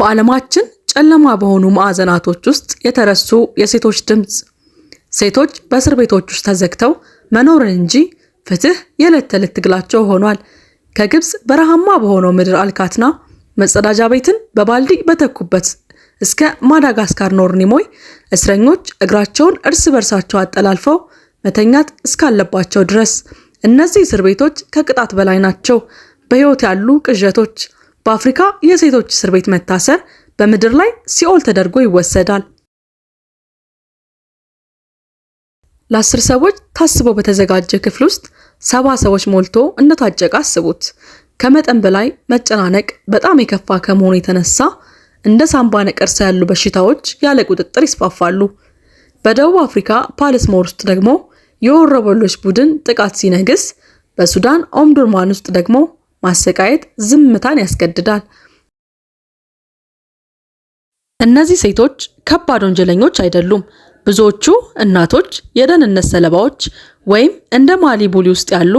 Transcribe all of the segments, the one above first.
በዓለማችን ጨለማ በሆኑ ማዕዘናቶች ውስጥ የተረሱ የሴቶች ድምፅ። ሴቶች በእስር ቤቶች ውስጥ ተዘግተው መኖርን እንጂ ፍትህ የዕለት ተዕለት ትግላቸው ሆኗል። ከግብፅ በረሃማ በሆነው ምድር አልካትና መጸዳጃ ቤትን በባልዲ በተኩበት እስከ ማዳጋስካር ኖርኒሞይ እስረኞች እግራቸውን እርስ በርሳቸው አጠላልፈው መተኛት እስካለባቸው ድረስ እነዚህ እስር ቤቶች ከቅጣት በላይ ናቸው። በሕይወት ያሉ ቅዠቶች በአፍሪካ የሴቶች እስር ቤት መታሰር በምድር ላይ ሲኦል ተደርጎ ይወሰዳል። ለአስር ሰዎች ታስቦ በተዘጋጀ ክፍል ውስጥ ሰባ ሰዎች ሞልቶ እንደታጨቀ አስቡት። ከመጠን በላይ መጨናነቅ በጣም የከፋ ከመሆኑ የተነሳ እንደ ሳምባ ነቀርሳ ያሉ በሽታዎች ያለ ቁጥጥር ይስፋፋሉ። በደቡብ አፍሪካ ፓለስሞር ውስጥ ደግሞ የወሮበሎች ቡድን ጥቃት ሲነግስ፣ በሱዳን ኦምዱርማን ውስጥ ደግሞ ማሰቃየት ዝምታን ያስገድዳል። እነዚህ ሴቶች ከባድ ወንጀለኞች አይደሉም። ብዙዎቹ እናቶች የደህንነት ሰለባዎች ወይም እንደ ማሊቡሊ ውስጥ ያሉ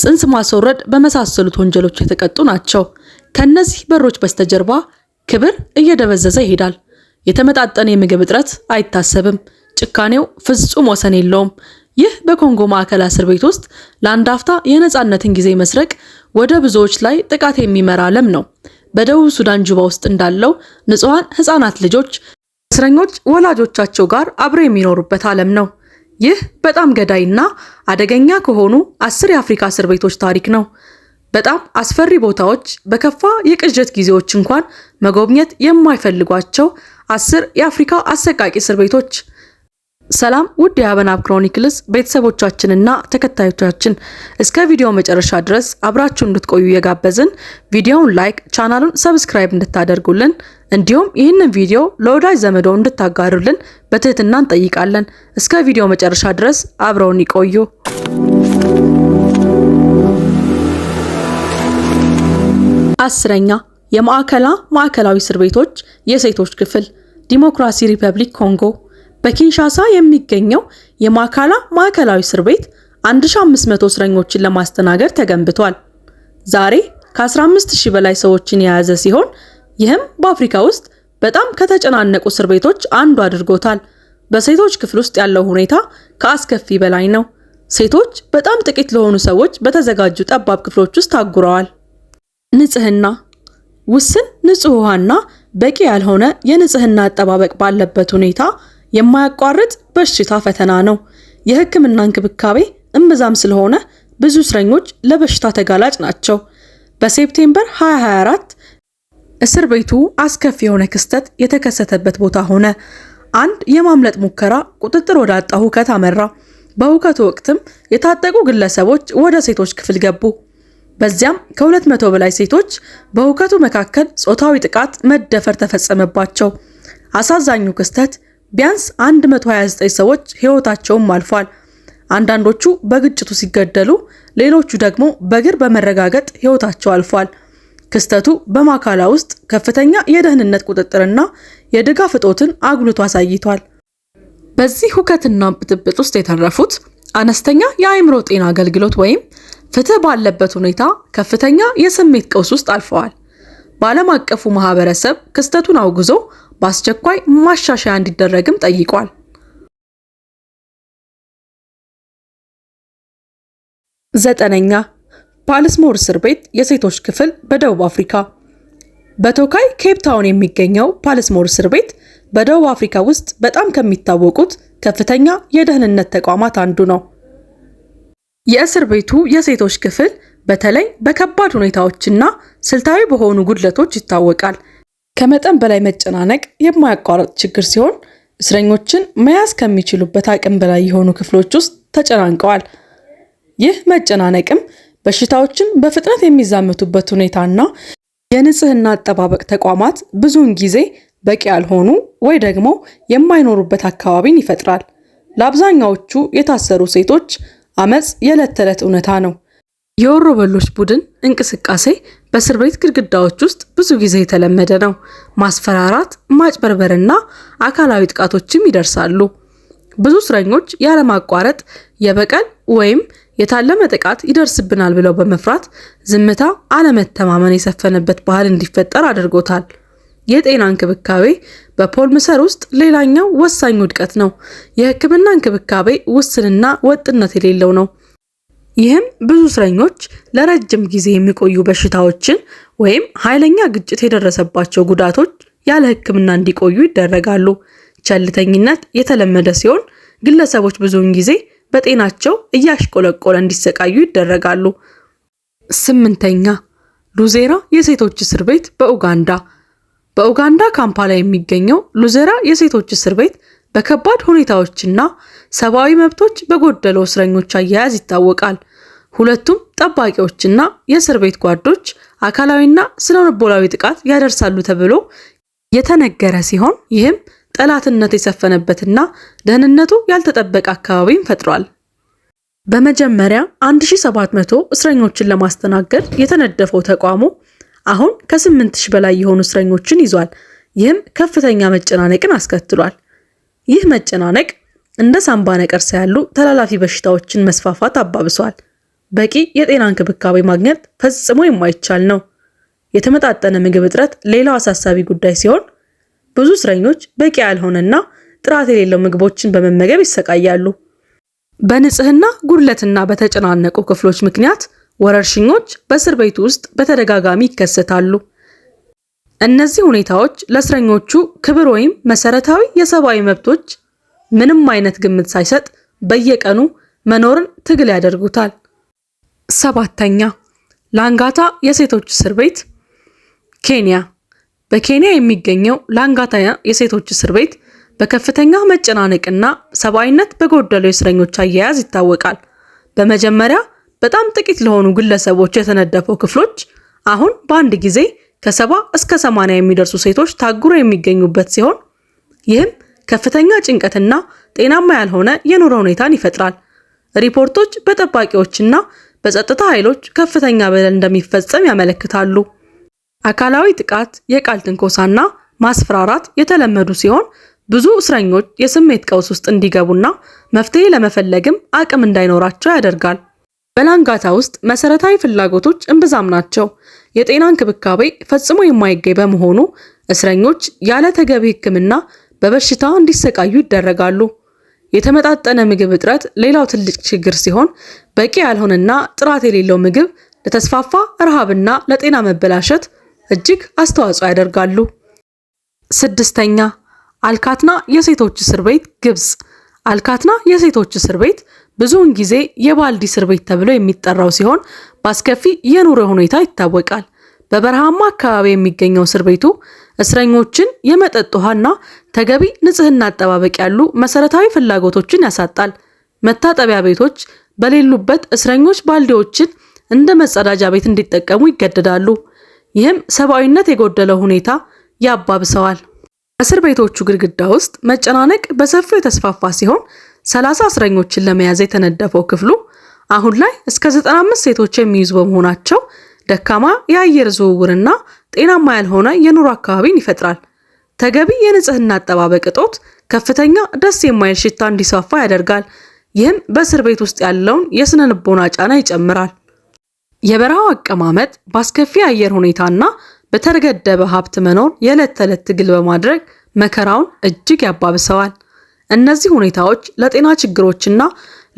ጽንስ ማስወረድ በመሳሰሉት ወንጀሎች የተቀጡ ናቸው። ከእነዚህ በሮች በስተጀርባ ክብር እየደበዘዘ ይሄዳል። የተመጣጠነ የምግብ እጥረት አይታሰብም። ጭካኔው ፍጹም ወሰን የለውም። ይህ በኮንጎ ማዕከል እስር ቤት ውስጥ ለአንድ አፍታ የነፃነትን ጊዜ መስረቅ ወደ ብዙዎች ላይ ጥቃት የሚመራ ዓለም ነው። በደቡብ ሱዳን ጁባ ውስጥ እንዳለው ንጹሐን ህፃናት ልጆች እስረኞች ወላጆቻቸው ጋር አብረው የሚኖሩበት ዓለም ነው። ይህ በጣም ገዳይና አደገኛ ከሆኑ አስር የአፍሪካ እስር ቤቶች ታሪክ ነው። በጣም አስፈሪ ቦታዎች፣ በከፋ የቅዠት ጊዜዎች እንኳን መጎብኘት የማይፈልጓቸው አስር የአፍሪካ አሰቃቂ እስር ቤቶች ሰላም ውድ የሀበናብ ክሮኒክልስ ቤተሰቦቻችንና ተከታዮቻችን እስከ ቪዲዮ መጨረሻ ድረስ አብራችሁ እንድትቆዩ የጋበዝን፣ ቪዲዮውን ላይክ፣ ቻናሉን ሰብስክራይብ እንድታደርጉልን እንዲሁም ይህንን ቪዲዮ ለወዳጅ ዘመዶ እንድታጋሩልን በትህትና እንጠይቃለን። እስከ ቪዲዮ መጨረሻ ድረስ አብረውን ይቆዩ። አስረኛ የማዕከላ ማዕከላዊ እስር ቤቶች የሴቶች ክፍል ዲሞክራሲ ሪፐብሊክ ኮንጎ በኪንሻሳ የሚገኘው የማካላ ማዕከላዊ እስር ቤት 1500 እስረኞችን ለማስተናገድ ተገንብቷል። ዛሬ ከ15000 በላይ ሰዎችን የያዘ ሲሆን ይህም በአፍሪካ ውስጥ በጣም ከተጨናነቁ እስር ቤቶች አንዱ አድርጎታል። በሴቶች ክፍል ውስጥ ያለው ሁኔታ ከአስከፊ በላይ ነው። ሴቶች በጣም ጥቂት ለሆኑ ሰዎች በተዘጋጁ ጠባብ ክፍሎች ውስጥ ታጉረዋል። ንጽህና ውስን ንጹህ ውሃና በቂ ያልሆነ የንጽህና አጠባበቅ ባለበት ሁኔታ የማያቋርጥ በሽታ ፈተና ነው። የሕክምና እንክብካቤ እምብዛም ስለሆነ ብዙ እስረኞች ለበሽታ ተጋላጭ ናቸው። በሴፕቴምበር 2024 እስር ቤቱ አስከፊ የሆነ ክስተት የተከሰተበት ቦታ ሆነ። አንድ የማምለጥ ሙከራ ቁጥጥር ወዳጣ ሁከት አመራ። በሁከቱ ወቅትም የታጠቁ ግለሰቦች ወደ ሴቶች ክፍል ገቡ። በዚያም ከ200 በላይ ሴቶች በሁከቱ መካከል ጾታዊ ጥቃት፣ መደፈር ተፈጸመባቸው። አሳዛኙ ክስተት ቢያንስ 129 ሰዎች ሕይወታቸውም አልፏል። አንዳንዶቹ በግጭቱ ሲገደሉ፣ ሌሎቹ ደግሞ በእግር በመረጋገጥ ሕይወታቸው አልፏል። ክስተቱ በማካላ ውስጥ ከፍተኛ የደህንነት ቁጥጥርና የድጋፍ እጦትን አጉልቶ አሳይቷል። በዚህ ሁከትና ብጥብጥ ውስጥ የተረፉት አነስተኛ የአእምሮ ጤና አገልግሎት ወይም ፍትህ ባለበት ሁኔታ ከፍተኛ የስሜት ቀውስ ውስጥ አልፈዋል። በዓለም አቀፉ ማህበረሰብ ክስተቱን አውግዞ በአስቸኳይ ማሻሻያ እንዲደረግም ጠይቋል። ዘጠነኛ ፓልስሞር እስር ቤት የሴቶች ክፍል በደቡብ አፍሪካ። በቶካይ ኬፕ ታውን የሚገኘው ፓልስሞር እስር ቤት በደቡብ አፍሪካ ውስጥ በጣም ከሚታወቁት ከፍተኛ የደህንነት ተቋማት አንዱ ነው። የእስር ቤቱ የሴቶች ክፍል በተለይ በከባድ ሁኔታዎችና ስልታዊ በሆኑ ጉድለቶች ይታወቃል። ከመጠን በላይ መጨናነቅ የማያቋርጥ ችግር ሲሆን እስረኞችን መያዝ ከሚችሉበት አቅም በላይ የሆኑ ክፍሎች ውስጥ ተጨናንቀዋል። ይህ መጨናነቅም በሽታዎችን በፍጥነት የሚዛመቱበት ሁኔታና የንጽህና አጠባበቅ ተቋማት ብዙውን ጊዜ በቂ ያልሆኑ ወይ ደግሞ የማይኖሩበት አካባቢን ይፈጥራል። ለአብዛኛዎቹ የታሰሩ ሴቶች አመፅ የዕለት ተዕለት እውነታ ነው። የወሮ ቡድን እንቅስቃሴ በእስር ቤት ግድግዳዎች ውስጥ ብዙ ጊዜ የተለመደ ነው። ማስፈራራት፣ ማጭበርበርና አካላዊ ጥቃቶችም ይደርሳሉ። ብዙ እስረኞች ያለማቋረጥ የበቀል ወይም የታለመ ጥቃት ይደርስብናል ብለው በመፍራት ዝምታ አለመተማመን የሰፈነበት ባህል እንዲፈጠር አድርጎታል። የጤና እንክብካቤ በፖልምሰር ውስጥ ሌላኛው ወሳኝ ውድቀት ነው። የህክምና እንክብካቤ ውስንና ወጥነት የሌለው ነው። ይህም ብዙ እስረኞች ለረጅም ጊዜ የሚቆዩ በሽታዎችን ወይም ኃይለኛ ግጭት የደረሰባቸው ጉዳቶች ያለ ሕክምና እንዲቆዩ ይደረጋሉ። ቸልተኝነት የተለመደ ሲሆን ግለሰቦች ብዙውን ጊዜ በጤናቸው እያሽቆለቆለ እንዲሰቃዩ ይደረጋሉ። ስምንተኛ ሉዜራ የሴቶች እስር ቤት በኡጋንዳ በኡጋንዳ ካምፓላ የሚገኘው ሉዜራ የሴቶች እስር ቤት በከባድ ሁኔታዎችና ሰብአዊ መብቶች በጎደለው እስረኞች አያያዝ ይታወቃል። ሁለቱም ጠባቂዎችና የእስር ቤት ጓዶች አካላዊና ስነልቦናዊ ጥቃት ያደርሳሉ ተብሎ የተነገረ ሲሆን ይህም ጠላትነት የሰፈነበትና ደህንነቱ ያልተጠበቀ አካባቢን ፈጥሯል። በመጀመሪያ 1700 እስረኞችን ለማስተናገድ የተነደፈው ተቋሙ አሁን ከ8000 በላይ የሆኑ እስረኞችን ይዟል። ይህም ከፍተኛ መጨናነቅን አስከትሏል። ይህ መጨናነቅ እንደ ሳምባ ነቀርሳ ያሉ ተላላፊ በሽታዎችን መስፋፋት አባብሷል። በቂ የጤና እንክብካቤ ማግኘት ፈጽሞ የማይቻል ነው። የተመጣጠነ ምግብ እጥረት ሌላው አሳሳቢ ጉዳይ ሲሆን ብዙ እስረኞች በቂ ያልሆነና ጥራት የሌለው ምግቦችን በመመገብ ይሰቃያሉ። በንጽህና ጉድለትና በተጨናነቁ ክፍሎች ምክንያት ወረርሽኞች በእስር ቤቱ ውስጥ በተደጋጋሚ ይከሰታሉ። እነዚህ ሁኔታዎች ለእስረኞቹ ክብር ወይም መሰረታዊ የሰብአዊ መብቶች ምንም አይነት ግምት ሳይሰጥ በየቀኑ መኖርን ትግል ያደርጉታል። ሰባተኛ ላንጋታ የሴቶች እስር ቤት ኬንያ። በኬንያ የሚገኘው ላንጋታ የሴቶች እስር ቤት በከፍተኛ መጨናነቅና ሰብአዊነት በጎደለው የእስረኞች አያያዝ ይታወቃል። በመጀመሪያ በጣም ጥቂት ለሆኑ ግለሰቦች የተነደፈው ክፍሎች አሁን በአንድ ጊዜ ከሰባ እስከ ሰማንያ የሚደርሱ ሴቶች ታጉረው የሚገኙበት ሲሆን ይህም ከፍተኛ ጭንቀትና ጤናማ ያልሆነ የኑሮ ሁኔታን ይፈጥራል። ሪፖርቶች በጠባቂዎችና በጸጥታ ኃይሎች ከፍተኛ በደል እንደሚፈጸም ያመለክታሉ። አካላዊ ጥቃት፣ የቃል ትንኮሳና ማስፈራራት የተለመዱ ሲሆን ብዙ እስረኞች የስሜት ቀውስ ውስጥ እንዲገቡና መፍትሄ ለመፈለግም አቅም እንዳይኖራቸው ያደርጋል። በላንጋታ ውስጥ መሰረታዊ ፍላጎቶች እምብዛም ናቸው። የጤና እንክብካቤ ፈጽሞ የማይገኝ በመሆኑ እስረኞች ያለ ተገቢ ሕክምና በበሽታ እንዲሰቃዩ ይደረጋሉ። የተመጣጠነ ምግብ እጥረት ሌላው ትልቅ ችግር ሲሆን በቂ ያልሆነና ጥራት የሌለው ምግብ ለተስፋፋ ረሃብና ለጤና መበላሸት እጅግ አስተዋጽኦ ያደርጋሉ። ስድስተኛ አልካትና የሴቶች እስር ቤት ግብጽ። አልካትና የሴቶች እስር ቤት ብዙውን ጊዜ የባልዲ እስር ቤት ተብሎ የሚጠራው ሲሆን በአስከፊ የኑሮ ሁኔታ ይታወቃል። በበረሃማ አካባቢ የሚገኘው እስር ቤቱ እስረኞችን የመጠጥ ውሃና ተገቢ ንጽህና አጠባበቅ ያሉ መሰረታዊ ፍላጎቶችን ያሳጣል። መታጠቢያ ቤቶች በሌሉበት እስረኞች ባልዲዎችን እንደ መጸዳጃ ቤት እንዲጠቀሙ ይገደዳሉ። ይህም ሰብአዊነት የጎደለው ሁኔታ ያባብሰዋል። እስር ቤቶቹ ግድግዳ ውስጥ መጨናነቅ በሰፊው የተስፋፋ ሲሆን ሰላሳ እስረኞችን ለመያዝ የተነደፈው ክፍሉ አሁን ላይ እስከ 95 ሴቶች የሚይዙ በመሆናቸው ደካማ የአየር ዝውውርና ጤናማ ያልሆነ የኑሮ አካባቢን ይፈጥራል። ተገቢ የንጽህና አጠባበቅ እጦት ከፍተኛ ደስ የማይል ሽታ እንዲስፋፋ ያደርጋል። ይህም በእስር ቤት ውስጥ ያለውን የስነ ልቦና ጫና ይጨምራል። የበረሃው አቀማመጥ በአስከፊ የአየር ሁኔታና በተገደበ ሀብት መኖር የዕለት ተዕለት ትግል በማድረግ መከራውን እጅግ ያባብሰዋል። እነዚህ ሁኔታዎች ለጤና ችግሮችና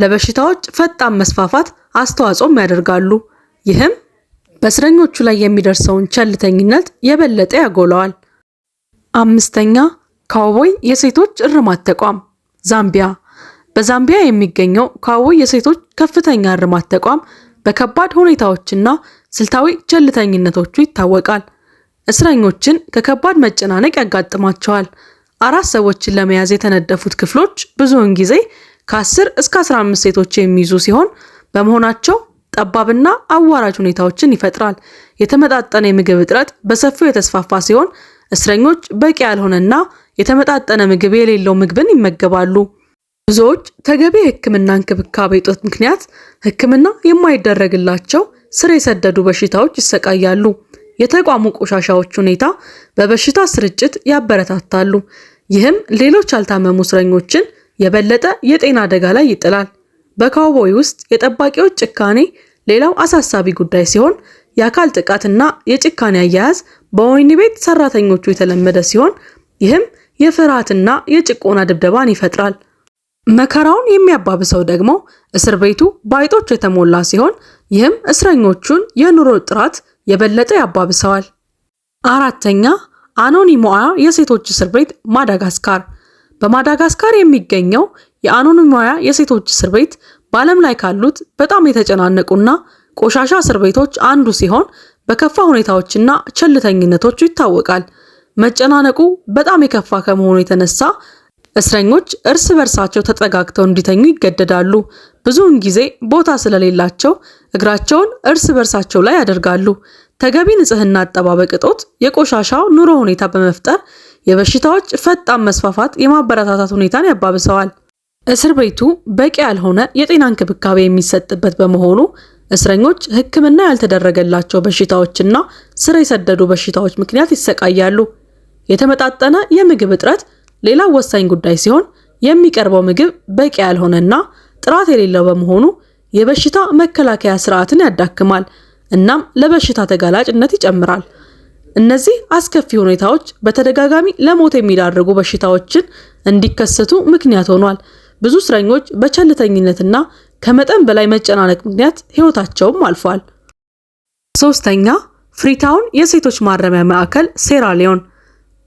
ለበሽታዎች ፈጣን መስፋፋት አስተዋጽኦም ያደርጋሉ። ይህም በእስረኞቹ ላይ የሚደርሰውን ቸልተኝነት የበለጠ ያጎለዋል። አምስተኛ ካውቦይ የሴቶች እርማት ተቋም ዛምቢያ። በዛምቢያ የሚገኘው ካውቦይ የሴቶች ከፍተኛ እርማት ተቋም በከባድ ሁኔታዎችና ስልታዊ ቸልተኝነቶቹ ይታወቃል። እስረኞችን ከከባድ መጨናነቅ ያጋጥማቸዋል። አራት ሰዎችን ለመያዝ የተነደፉት ክፍሎች ብዙውን ጊዜ ከ10 እስከ 15 ሴቶች የሚይዙ ሲሆን በመሆናቸው ጠባብና አዋራጅ ሁኔታዎችን ይፈጥራል። የተመጣጠነ የምግብ እጥረት በሰፊው የተስፋፋ ሲሆን እስረኞች በቂ ያልሆነና የተመጣጠነ ምግብ የሌለው ምግብን ይመገባሉ። ብዙዎች ተገቢ የሕክምና እንክብካቤ እጦት ምክንያት ሕክምና የማይደረግላቸው ስር የሰደዱ በሽታዎች ይሰቃያሉ። የተቋሙ ቆሻሻዎች ሁኔታ በበሽታ ስርጭት ያበረታታሉ። ይህም ሌሎች ያልታመሙ እስረኞችን የበለጠ የጤና አደጋ ላይ ይጥላል። በካውቦይ ውስጥ የጠባቂዎች ጭካኔ ሌላው አሳሳቢ ጉዳይ ሲሆን የአካል ጥቃትና የጭካኔ አያያዝ በወህኒ ቤት ሰራተኞቹ የተለመደ ሲሆን ይህም የፍርሃትና የጭቆና ድብደባን ይፈጥራል። መከራውን የሚያባብሰው ደግሞ እስር ቤቱ በአይጦች የተሞላ ሲሆን ይህም እስረኞቹን የኑሮ ጥራት የበለጠ ያባብሰዋል። አራተኛ አኖኒሞያ የሴቶች እስር ቤት ማዳጋስካር። በማዳጋስካር የሚገኘው የአኖኒሞያ የሴቶች እስር ቤት በዓለም ላይ ካሉት በጣም የተጨናነቁና ቆሻሻ እስር ቤቶች አንዱ ሲሆን በከፋ ሁኔታዎችና ቸልተኝነቶቹ ይታወቃል። መጨናነቁ በጣም የከፋ ከመሆኑ የተነሳ እስረኞች እርስ በርሳቸው ተጠጋግተው እንዲተኙ ይገደዳሉ። ብዙውን ጊዜ ቦታ ስለሌላቸው እግራቸውን እርስ በርሳቸው ላይ ያደርጋሉ። ተገቢ ንጽህና አጠባበቅ እጦት የቆሻሻው ኑሮ ሁኔታ በመፍጠር የበሽታዎች ፈጣን መስፋፋት የማበረታታት ሁኔታን ያባብሰዋል። እስር ቤቱ በቂ ያልሆነ የጤና እንክብካቤ የሚሰጥበት በመሆኑ እስረኞች ሕክምና ያልተደረገላቸው በሽታዎችና ስር የሰደዱ በሽታዎች ምክንያት ይሰቃያሉ። የተመጣጠነ የምግብ እጥረት ሌላው ወሳኝ ጉዳይ ሲሆን የሚቀርበው ምግብ በቂ ያልሆነና ጥራት የሌለው በመሆኑ የበሽታ መከላከያ ስርዓትን ያዳክማል እናም ለበሽታ ተጋላጭነት ይጨምራል። እነዚህ አስከፊ ሁኔታዎች በተደጋጋሚ ለሞት የሚዳርጉ በሽታዎችን እንዲከሰቱ ምክንያት ሆኗል። ብዙ እስረኞች በቸልተኝነትና ከመጠን በላይ መጨናነቅ ምክንያት ህይወታቸውም አልፏል። ሶስተኛ ፍሪታውን የሴቶች ማረሚያ ማዕከል ሴራሊዮን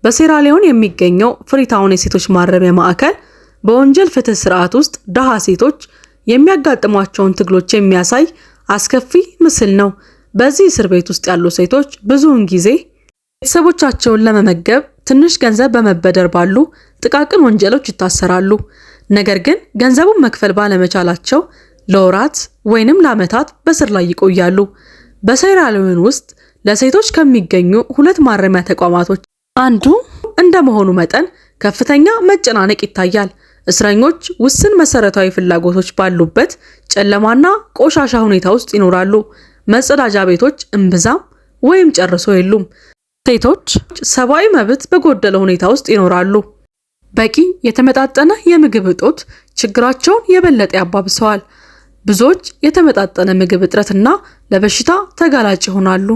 በሴራሊዮን የሚገኘው ፍሪታውን የሴቶች ማረሚያ ማዕከል በወንጀል ፍትህ ስርዓት ውስጥ ደሃ ሴቶች የሚያጋጥሟቸውን ትግሎች የሚያሳይ አስከፊ ምስል ነው። በዚህ እስር ቤት ውስጥ ያሉ ሴቶች ብዙውን ጊዜ ቤተሰቦቻቸውን ለመመገብ ትንሽ ገንዘብ በመበደር ባሉ ጥቃቅን ወንጀሎች ይታሰራሉ። ነገር ግን ገንዘቡን መክፈል ባለመቻላቸው ለወራት ወይንም ለዓመታት በስር ላይ ይቆያሉ። በሴራሊዮን ውስጥ ለሴቶች ከሚገኙ ሁለት ማረሚያ ተቋማቶች አንዱ እንደመሆኑ መጠን ከፍተኛ መጨናነቅ ይታያል። እስረኞች ውስን መሰረታዊ ፍላጎቶች ባሉበት ጨለማና ቆሻሻ ሁኔታ ውስጥ ይኖራሉ። መጸዳጃ ቤቶች እምብዛም ወይም ጨርሶ የሉም። ሴቶች ሰብአዊ መብት በጎደለ ሁኔታ ውስጥ ይኖራሉ። በቂ የተመጣጠነ የምግብ እጦት ችግራቸውን የበለጠ ያባብሰዋል። ብዙዎች የተመጣጠነ ምግብ እጥረትና ለበሽታ ተጋላጭ ይሆናሉ።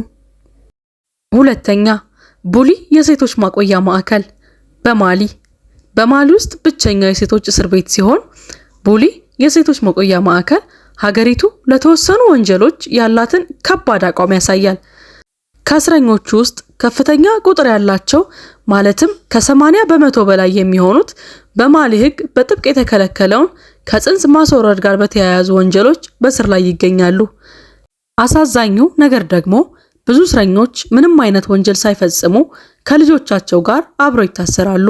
ሁለተኛ ቡሊ የሴቶች ማቆያ ማዕከል በማሊ በማሊ ውስጥ ብቸኛው የሴቶች እስር ቤት ሲሆን ቡሊ የሴቶች ማቆያ ማዕከል ሀገሪቱ ለተወሰኑ ወንጀሎች ያላትን ከባድ አቋም ያሳያል። ከእስረኞቹ ውስጥ ከፍተኛ ቁጥር ያላቸው ማለትም ከ80 በመቶ በላይ የሚሆኑት በማሊ ሕግ በጥብቅ የተከለከለውን ከጽንስ ማስወረድ ጋር በተያያዙ ወንጀሎች በስር ላይ ይገኛሉ። አሳዛኙ ነገር ደግሞ ብዙ እስረኞች ምንም አይነት ወንጀል ሳይፈጽሙ ከልጆቻቸው ጋር አብረው ይታሰራሉ።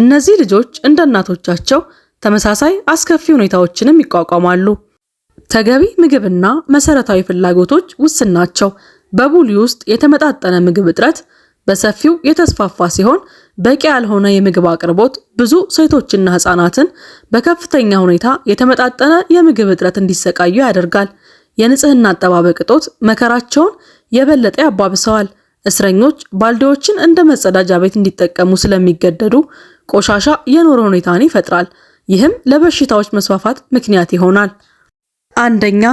እነዚህ ልጆች እንደ እናቶቻቸው ተመሳሳይ አስከፊ ሁኔታዎችንም ይቋቋማሉ። ተገቢ ምግብና መሰረታዊ ፍላጎቶች ውስን ናቸው። በቡሊ ውስጥ የተመጣጠነ ምግብ እጥረት በሰፊው የተስፋፋ ሲሆን በቂ ያልሆነ የምግብ አቅርቦት ብዙ ሴቶችና ህጻናትን በከፍተኛ ሁኔታ የተመጣጠነ የምግብ እጥረት እንዲሰቃዩ ያደርጋል። የንጽህና አጠባበቅ እጦት መከራቸውን የበለጠ ያባብሰዋል። እስረኞች ባልዲዎችን እንደ መጸዳጃ ቤት እንዲጠቀሙ ስለሚገደዱ ቆሻሻ የኑሮ ሁኔታን ይፈጥራል። ይህም ለበሽታዎች መስፋፋት ምክንያት ይሆናል። አንደኛ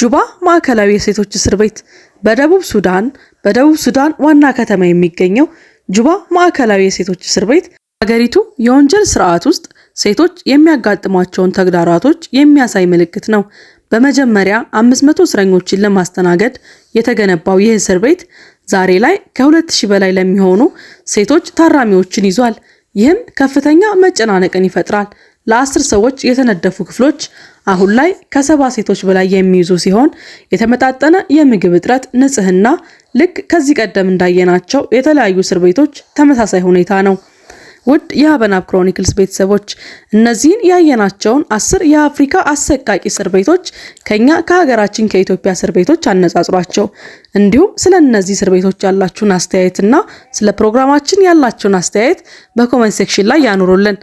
ጁባ ማዕከላዊ የሴቶች እስር ቤት በደቡብ ሱዳን በደቡብ ሱዳን ዋና ከተማ የሚገኘው ጁባ ማዕከላዊ የሴቶች እስር ቤት ሀገሪቱ የወንጀል ስርዓት ውስጥ ሴቶች የሚያጋጥሟቸውን ተግዳራቶች የሚያሳይ ምልክት ነው። በመጀመሪያ 500 እስረኞችን ለማስተናገድ የተገነባው ይህ እስር ቤት ዛሬ ላይ ከ2000 በላይ ለሚሆኑ ሴቶች ታራሚዎችን ይዟል። ይህም ከፍተኛ መጨናነቅን ይፈጥራል። ለአስር ሰዎች የተነደፉ ክፍሎች አሁን ላይ ከሰባ ሴቶች በላይ የሚይዙ ሲሆን የተመጣጠነ የምግብ እጥረት፣ ንጽህና ልክ ከዚህ ቀደም እንዳየናቸው የተለያዩ እስር ቤቶች ተመሳሳይ ሁኔታ ነው። ውድ የሀበናብ ክሮኒክልስ ቤተሰቦች እነዚህን ያየናቸውን አስር የአፍሪካ አሰቃቂ እስር ቤቶች ከኛ ከሀገራችን ከኢትዮጵያ እስር ቤቶች አነጻጽሯቸው። እንዲሁም ስለ እነዚህ እስር ቤቶች ያላችሁን አስተያየትና ስለ ፕሮግራማችን ያላችሁን አስተያየት በኮመንት ሴክሽን ላይ ያኑሩልን።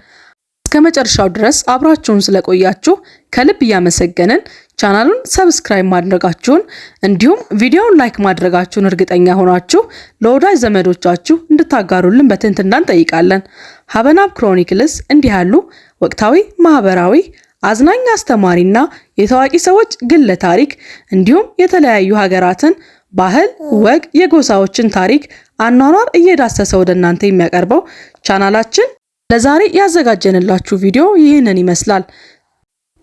እስከ መጨረሻው ድረስ አብራችሁን ስለቆያችሁ ከልብ እያመሰገንን ቻናሉን ሰብስክራይብ ማድረጋችሁን እንዲሁም ቪዲዮውን ላይክ ማድረጋችሁን እርግጠኛ ሆናችሁ ለወዳጅ ዘመዶቻችሁ እንድታጋሩልን በትህትና እንጠይቃለን። ሀበናብ ክሮኒክልስ እንዲህ ያሉ ወቅታዊ፣ ማህበራዊ፣ አዝናኝ፣ አስተማሪና የታዋቂ ሰዎች ግለ ታሪክ እንዲሁም የተለያዩ ሀገራትን ባህል፣ ወግ፣ የጎሳዎችን ታሪክ፣ አኗኗር እየዳሰሰ ወደ እናንተ የሚያቀርበው ቻናላችን ለዛሬ ያዘጋጀንላችሁ ቪዲዮ ይህንን ይመስላል።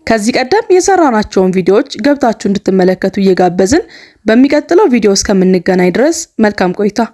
ከዚህ ቀደም የሰራናቸውን ቪዲዮዎች ገብታችሁ እንድትመለከቱ እየጋበዝን በሚቀጥለው ቪዲዮ እስከምንገናኝ ድረስ መልካም ቆይታ